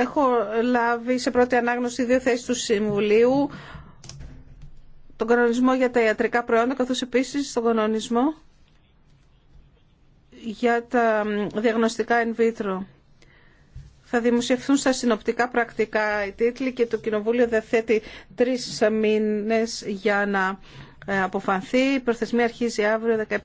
Έχω λάβει σε πρώτη ανάγνωση δύο θέσεις του Συμβουλίου, τον κανονισμό για τα ιατρικά προϊόντα, καθώς επίσης τον κανονισμό για τα διαγνωστικά in vitro. Θα δημοσιευθούν στα συνοπτικά πρακτικά οι τίτλοι και το Κοινοβούλιο διαθέτει τρεις μήνες για να ε, αποφανθεί. Η προθεσμία αρχίζει αύριο